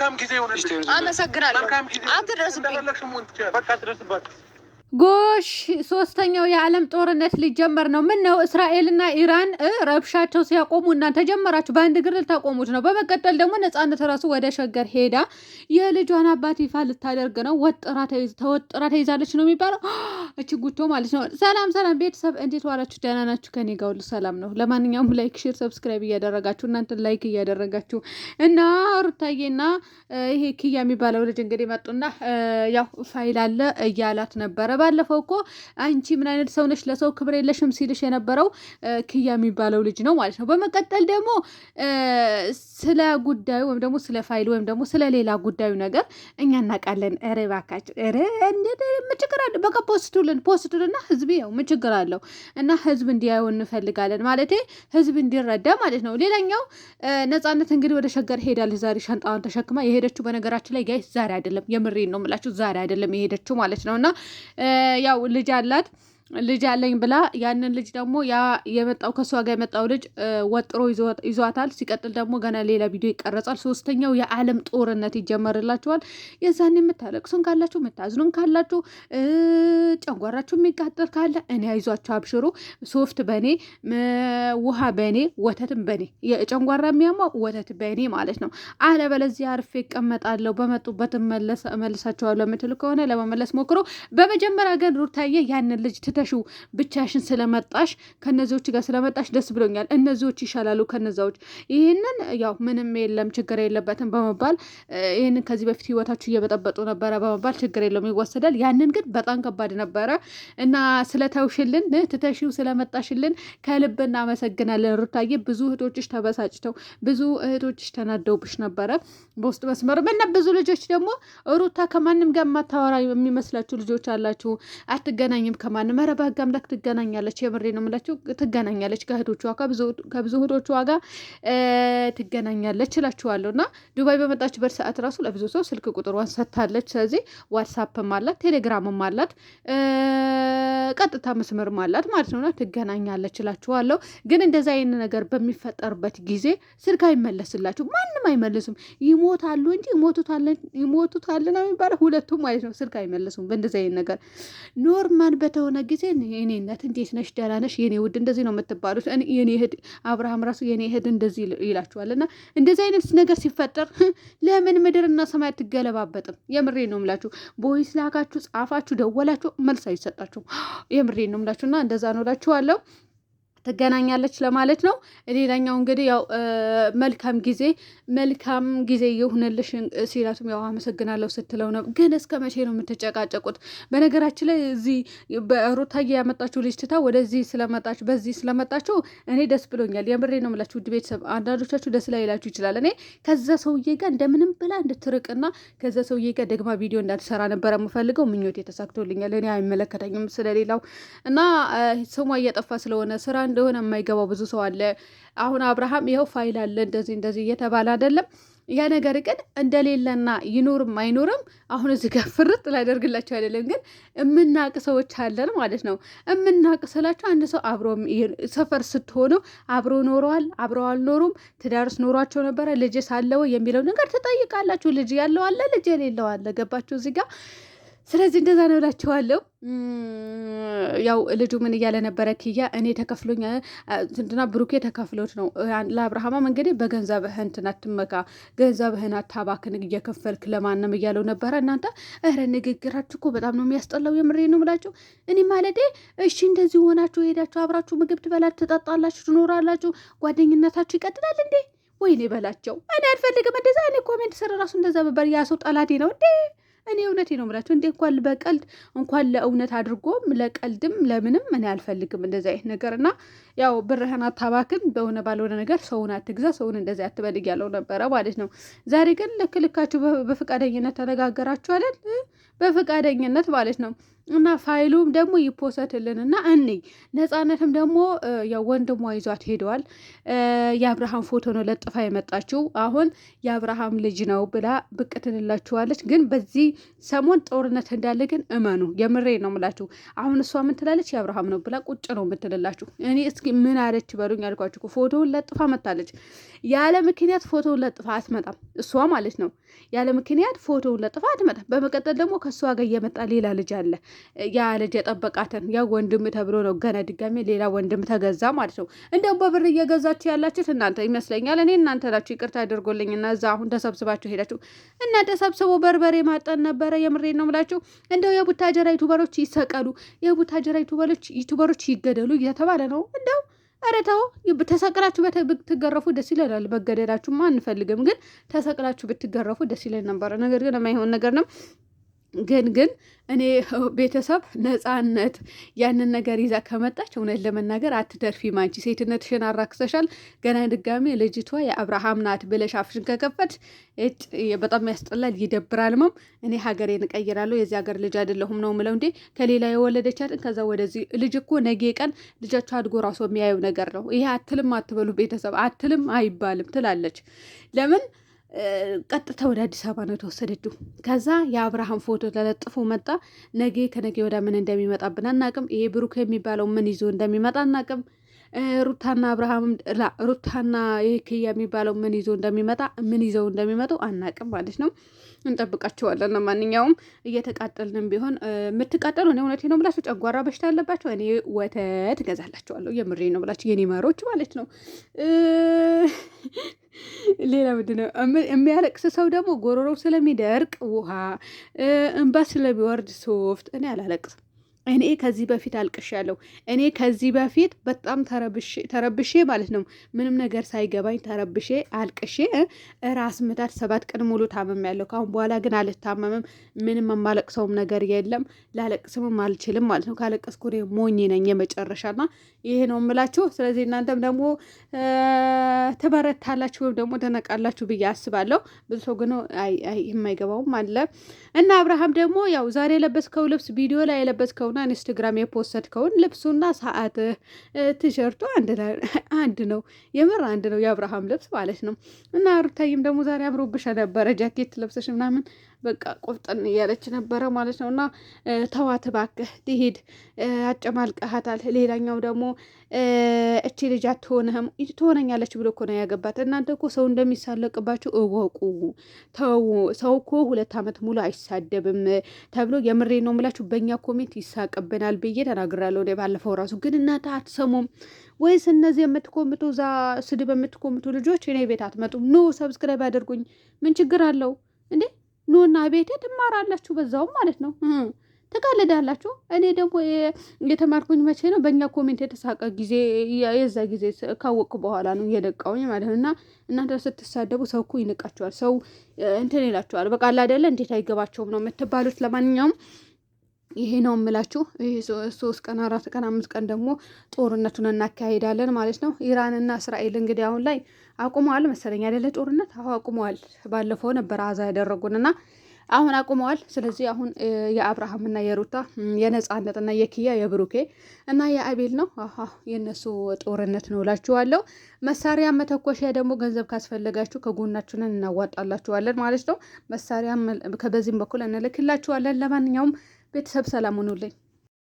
መልካም ጊዜ ይሆንልሽ። አመሰግናለሁ። ጎሽ ሶስተኛው የዓለም ጦርነት ሊጀመር ነው። ምን ነው እስራኤልና ኢራን ረብሻቸው ሲያቆሙ እናንተ ተጀመራችሁ፣ በአንድ ግር ልታቆሙት ነው። በመቀጠል ደግሞ ነጻነት ራሱ ወደ ሸገር ሄዳ የልጇን አባት ይፋ ልታደርግ ነው። ወጥራ ተይዛለች ነው የሚባለው እች ጉቶ ማለት ነው። ሰላም ሰላም ቤተሰብ እንዴት ዋላችሁ? ደህና ናችሁ? ከኔ ጋር ሁሉ ሰላም ነው። ለማንኛውም ላይክ፣ ሼር፣ ሰብስክራይብ እያደረጋችሁ እናንተ ላይክ እያደረጋችሁ እና ሩታዬና ይሄ ክያ የሚባለው ልጅ እንግዲህ መጡና ያው ፋይል አለ እያላት ነበረ። ባለፈው እኮ አንቺ ምን አይነት ሰው ነሽ ለሰው ክብር የለሽም ሲልሽ የነበረው ክያ የሚባለው ልጅ ነው ማለት ነው። በመቀጠል ደግሞ ስለ ጉዳዩ ወይም ደግሞ ስለ ፋይል ወይም ደግሞ ስለ ሌላ ጉዳዩ ነገር እኛ እናውቃለን። ሬ እባካችሁ ሬ እንደ ችግር በቃ ፖስቱ ፖስቱልን ፖስቱልና ህዝብ ያው ምን ችግር አለው እና ህዝብ እንዲያዩ እንፈልጋለን ማለት ህዝብ እንዲረዳ ማለት ነው። ሌላኛው ነጻነት እንግዲህ ወደ ሸገር ሄዳለች ዛሬ ሻንጣዋን ተሸክማ የሄደችው በነገራችን ላይ ጋይስ ዛሬ አይደለም፣ የምሬን ነው የምላችሁ ዛሬ አይደለም የሄደችው ማለት ነው እና ያው ልጅ አላት ልጅ ያለኝ ብላ ያንን ልጅ ደግሞ ያ የመጣው ከእሷ ጋር የመጣው ልጅ ወጥሮ ይዟታል። ሲቀጥል ደግሞ ገና ሌላ ቪዲዮ ይቀረጻል። ሶስተኛው የዓለም ጦርነት ይጀመርላችኋል። የዛን የምታለቅሱን ካላችሁ የምታዝኑን ካላችሁ ጨንጓራችሁ የሚቃጠል ካለ እኔ አይዟችሁ አብሽሩ። ሶፍት በእኔ ውሃ በእኔ ወተትም በእኔ የጨንጓራ የሚያሟው ወተት በእኔ ማለት ነው። አለበለዚያ አርፌ ይቀመጣለሁ በመጡበት መልሳቸዋለሁ የምትል ከሆነ ለመመለስ ሞክሮ። በመጀመሪያ ግን ሩታዬ ያንን ልጅ ተሽው ብቻሽን ስለመጣሽ ከነዚዎች ጋር ስለመጣሽ ደስ ብሎኛል። እነዚዎች ይሻላሉ ከነዛዎች። ይህንን ያው ምንም የለም ችግር የለበትም በመባል ይህንን ከዚህ በፊት ህይወታችሁ እየበጠበጡ ነበረ በመባል ችግር የለውም ይወሰዳል። ያንን ግን በጣም ከባድ ነበረ እና ስለተውሽልን ትተሽው ስለመጣሽልን ከልብ እናመሰግናለን ሩታዬ። ብዙ እህቶችሽ ተበሳጭተው ብዙ እህቶችሽ ተናደውብሽ ነበረ በውስጥ መስመር እና ብዙ ልጆች ደግሞ ሩታ ከማንም ጋር የማታወራ የሚመስላችሁ ልጆች አላችሁ። አትገናኝም ከማንም ኧረ በህግ አምላክ ትገናኛለች። የምሬ ነው የምላችሁ ትገናኛለች። ከእህቶቿ ከብዙ እህቶቿ ጋር ትገናኛለች እላችኋለሁ። እና ዱባይ በመጣችበት ሰዓት ራሱ ለብዙ ሰው ስልክ ቁጥሯን ሰጥታለች። ስለዚህ ዋትሳፕም አላት፣ ቴሌግራምም አላት፣ ቀጥታ መስመርም አላት ማለት ነውና ትገናኛለች እላችኋለሁ። ግን እንደዚ አይነት ነገር በሚፈጠርበት ጊዜ ስልክ አይመለስላችሁ፣ ማንም አይመልስም። ይሞታሉ እንጂ ይሞቱታል ነው የሚባለው፣ ሁለቱም ማለት ነው። ስልክ አይመልሱም በእንደዚ አይነት ነገር ኖርማን በተሆነ ጊዜ እንዴትን የኔ እንዴት ነሽ? ደህና ነሽ? የኔ ውድ እንደዚህ ነው የምትባሉት። የኔ እህድ አብርሃም ራሱ የኔ እህድ እንደዚህ ይላችኋል። እና እንደዚህ አይነት ነገር ሲፈጠር ለምን ምድርና ሰማይ አትገለባበጥም? የምሬ ነው ምላችሁ። ቦይስ ላካችሁ፣ ጻፋችሁ፣ ደወላችሁ መልስ አይሰጣችሁም። የምሬ ነው ምላችሁ እና እንደዛ ነው እላችኋለሁ። ትገናኛለች ለማለት ነው። ሌላኛው እንግዲህ ያው መልካም ጊዜ መልካም ጊዜ የሆነልሽ ሲላቱም ያው አመሰግናለሁ ስትለው ነው። ግን እስከ መቼ ነው የምትጨቃጨቁት? በነገራችን ላይ እዚህ በሩታዬ ያመጣችሁ ልጅ ትታ ወደዚህ ስለመጣች በዚህ ስለመጣችሁ እኔ ደስ ብሎኛል። የምሬ ነው የምላችሁ ውድ ቤተሰብ። አንዳንዶቻችሁ ደስ ላይ ላችሁ ይችላል። እኔ ከዛ ሰውዬ ጋር እንደምንም ብላ እንድትርቅና ከዛ ሰውዬ ጋር ደግማ ቪዲዮ እንዳትሰራ ነበረ የምፈልገው። ምኞቴ ተሳክቶልኛል። እኔ አይመለከተኝም ስለሌላው እና ስሟ እየጠፋ ስለሆነ ስራ እንደሆነ የማይገባው ብዙ ሰው አለ። አሁን አብርሃም ይኸው ፋይል አለ እንደዚህ እንደዚህ እየተባለ አይደለም። ያ ነገር ግን እንደሌለና ይኖርም አይኖርም አሁን እዚህ ጋር ፍርጥ ላደርግላቸው አይደለም፣ ግን የምናቅ ሰዎች አለን ማለት ነው። የምናቅ ስላቸው አንድ ሰው አብሮ ሰፈር ስትሆኑ አብሮ ኖረዋል፣ አብረ አልኖሩም፣ ትዳርስ ኖሯቸው ነበረ፣ ልጅስ አለው የሚለው ነገር ትጠይቃላችሁ። ልጅ ያለው አለ፣ ልጅ የሌለው አለ። ገባችሁ እዚህ ጋር ስለዚህ እንደዛ ነው እላቸዋለሁ። ያው ልጁ ምን እያለ ነበረ? ክያ እኔ ተከፍሎኝ እንትና ብሩኬ ተከፍሎት ነው ለአብርሃማ መንገዴ በገንዘብህ እንትን አትመካ፣ ገንዘብህን አታባክን፣ እየከፈልክ ለማንም እያለው ነበረ። እናንተ እረ ንግግራችሁ እኮ በጣም ነው የሚያስጠላው። የምሬ ነው ምላችሁ። እኔ ማለቴ እሺ፣ እንደዚህ ሆናችሁ ሄዳችሁ አብራችሁ ምግብ ትበላ ትጠጣላችሁ፣ ትኖራላችሁ፣ ጓደኝነታችሁ ይቀጥላል እንዴ? ወይኔ በላቸው። እኔ አልፈልግም እንደዛ። እኔ ኮሜንት ስር ራሱ እንደዛ በበር ያ ሰው ጠላቴ ነው እንዴ እኔ እውነቴ ነው የምላችሁ። እንዴ እንኳን በቀልድ እንኳን ለእውነት አድርጎም ለቀልድም ለምንም እኔ አልፈልግም እንደዚህ አይነት ነገር እና ያው ብርህን አታባክን፣ በሆነ ባልሆነ ነገር ሰውን አትግዛ፣ ሰውን እንደዚህ አትበልግ ያለው ነበረ ማለት ነው። ዛሬ ግን ልክ ልካችሁ በፈቃደኝነት ተነጋገራችሁ በፈቃደኝነት ማለት ነው። እና ፋይሉም ደግሞ ይፖሰትልን እና እኔ ነፃነትም ደግሞ ያው ወንድሟ ይዟት ሄደዋል። የአብርሃም ፎቶ ነው ለጥፋ የመጣችው። አሁን የአብርሃም ልጅ ነው ብላ ብቅ ትልላችኋለች። ግን በዚህ ሰሞን ጦርነት እንዳለ ግን እመኑ፣ የምሬ ነው ምላችሁ። አሁን እሷ ምን ትላለች? የአብርሃም ነው ብላ ቁጭ ነው የምትልላችሁ። እኔ እስኪ ምን አለች በሉኝ። ያልኳችሁ ፎቶውን ለጥፋ መታለች። ያለ ምክንያት ፎቶውን ለጥፋ አትመጣም፣ እሷ ማለት ነው። ያለ ምክንያት ፎቶውን ለጥፋ አትመጣም። በመቀጠል ደግሞ ከእሷ ጋር እየመጣ ሌላ ልጅ አለ። ያ ልጅ የጠበቃትን ያ ወንድም ተብሎ ነው ገና ድጋሜ ሌላ ወንድም ተገዛ ማለት ነው። እንደውም በብር እየገዛችሁ ያላችሁት እናንተ ይመስለኛል። እኔ እናንተ ናችሁ። ይቅርታ እና እዛ አሁን ተሰብስባችሁ ሄዳችሁ እናንተ ሰብስቦ በርበሬ ማጠን ነበረ። የምሬ ነው ምላችሁ። እንደው የቡታጀራ ዩቱበሮች ይሰቀሉ፣ የቡታጀራ ዩቱበሮች ዩቱበሮች ይገደሉ እየተባለ ነው እንደው ኧረ ተው ተሰቅላችሁ ብትገረፉ ደስ ይለናል። መገደላችሁማ አንፈልግም፣ ግን ተሰቅላችሁ ብትገረፉ ደስ ይለን ነበረ። ነገር ግን የማይሆን ነገር ነው። ግን ግን እኔ ቤተሰብ ነፃነት ያንን ነገር ይዛ ከመጣች እውነት ለመናገር አትተርፊም። አንቺ ሴትነትሽን አራክሰሻል። ገና ድጋሜ ልጅቷ የአብርሃም ናት ብለሽ አፍሽን በጣም ያስጠላል፣ ይደብራልምም። እኔ ሀገሬን እቀይራለሁ፣ የዚህ ሀገር ልጅ አይደለሁም ነው ምለው። እንዴ ከሌላ የወለደቻትን ከዛ ወደዚህ ልጅ እኮ ነገ ቀን ልጃቸው አድጎ ራሱ የሚያየው ነገር ነው ይሄ። አትልም አትበሉ ቤተሰብ፣ አትልም አይባልም ትላለች ለምን ቀጥታ ወደ አዲስ አበባ ነው የተወሰደችው። ከዛ የአብርሃም ፎቶ ተለጥፎ መጣ። ነገ ከነገ ወደ ምን እንደሚመጣብን አናቅም። ይሄ ብሩክ የሚባለው ምን ይዞ እንደሚመጣ አናቅም። ሩታና አብርሃም ሩታና ይሄ ክያ የሚባለው ምን ይዞ እንደሚመጣ ምን ይዘው እንደሚመጡ አናቅም ማለት ነው። እንጠብቃቸዋለን። ለማንኛውም እየተቃጠልንም ቢሆን የምትቃጠሉ እኔ እውነቴ ነው ብላችሁ ጨጓራ በሽታ ያለባቸው እኔ ወተት እገዛላቸዋለሁ። የምሬ ነው ብላችሁ የኔ ማሮች ማለት ነው። ሌላ ምንድን ነው የሚያለቅስ ሰው ደግሞ ጎሮሮው ስለሚደርቅ ውሃ፣ እንባ ስለሚወርድ ሶፍት እኔ አላለቅስም። እኔ ከዚህ በፊት አልቅሻለሁ። እኔ ከዚህ በፊት በጣም ተረብሼ ማለት ነው ምንም ነገር ሳይገባኝ ተረብሼ አልቅሼ ራስ ምታት ሰባት ቀን ሙሉ ታመሜያለሁ። ከአሁን በኋላ ግን አልታመምም። ምንም የማለቅሰውም ነገር የለም። ላለቅስምም አልችልም ማለት ነው። ካለቀስኩ ሞኝ ነኝ የመጨረሻና ይሄ ነው የምላችሁ። ስለዚህ እናንተም ደግሞ ትበረታላችሁ ወይም ደግሞ ትነቃላችሁ ብዬ አስባለሁ። ብዙ ሰው ግን የማይገባውም አለ እና አብርሃም ደግሞ ያው ዛሬ የለበስከው ልብስ ቪዲዮ ላይ የለበስከው ፌስቡክና ኢንስትግራም የፖሰድከውን ልብሱና ሰዓት ቲሸርቱ አንድ ነው። የምር አንድ ነው፣ የአብርሃም ልብስ ማለት ነው። እና ሩታይም ደግሞ ዛሬ አምሮብሽ ነበረ ጃኬት ለብሰሽ ምናምን በቃ ቆፍጠን እያለች ነበረ ማለት ነው። እና ተዋት እባክህ ትሄድ አጨማልቀሃታል። ሌላኛው ደግሞ እቺ ልጅ አትሆንህም ትሆነኛለች ብሎ እኮ ነው ያገባት። እናንተ እኮ ሰው እንደሚሳለቅባቸው እወቁ። ተው ሰው እኮ ሁለት ዓመት ሙሉ አይሳደብም ተብሎ የምሬ ነው የምላችሁ። በእኛ ኮሜንት ይሳቅብናል ብዬ ተናግራለሁ ባለፈው ራሱ። ግን እናንተ አትሰሙም ወይስ እነዚህ የምትኮምቱ እዛ ስድብ የምትኮምቱ ልጆች እኔ ቤት አትመጡም? ኑ ሰብስክራይብ አድርጉኝ። ምን ችግር አለው እንዴ? ኑና ቤቴ ትማራላችሁ፣ በዛውም ማለት ነው ትቀልዳላችሁ። እኔ ደግሞ የተማርኩኝ መቼ ነው? በእኛ ኮሜንት የተሳቀ ጊዜ የዛ ጊዜ ካወቅኩ በኋላ ነው እየነቃውኝ ማለት ነው። እና እናንተ ስትሳደቡ ሰው እኮ ይንቃችኋል፣ ሰው እንትን ይላችኋል። በቃ አይደለ እንዴት አይገባቸውም ነው የምትባሉት። ለማንኛውም ይሄ ነው የምላችሁ። ሶስት ቀን አራት ቀን አምስት ቀን ደግሞ ጦርነቱን እናካሄዳለን ማለት ነው። ኢራንና እስራኤል እንግዲህ አሁን ላይ አቁመዋል መሰለኝ አይደለ? ጦርነት አሁ አቁመዋል። ባለፈው ነበር አዛ ያደረጉንና አሁን አቁመዋል። ስለዚህ አሁን የአብርሃምና የሩታ የነጻነትና የኪያ የብሩኬ እና የአቤል ነው የእነሱ ጦርነት ነው እላችኋለሁ። መሳሪያ መተኮሻ ደግሞ ገንዘብ ካስፈለጋችሁ ከጎናችንን እናዋጣላችኋለን ማለት ነው። መሳሪያ ከበዚህም በኩል እንልክላችኋለን። ለማንኛውም ቤተሰብ ሰላም ሆኖልኝ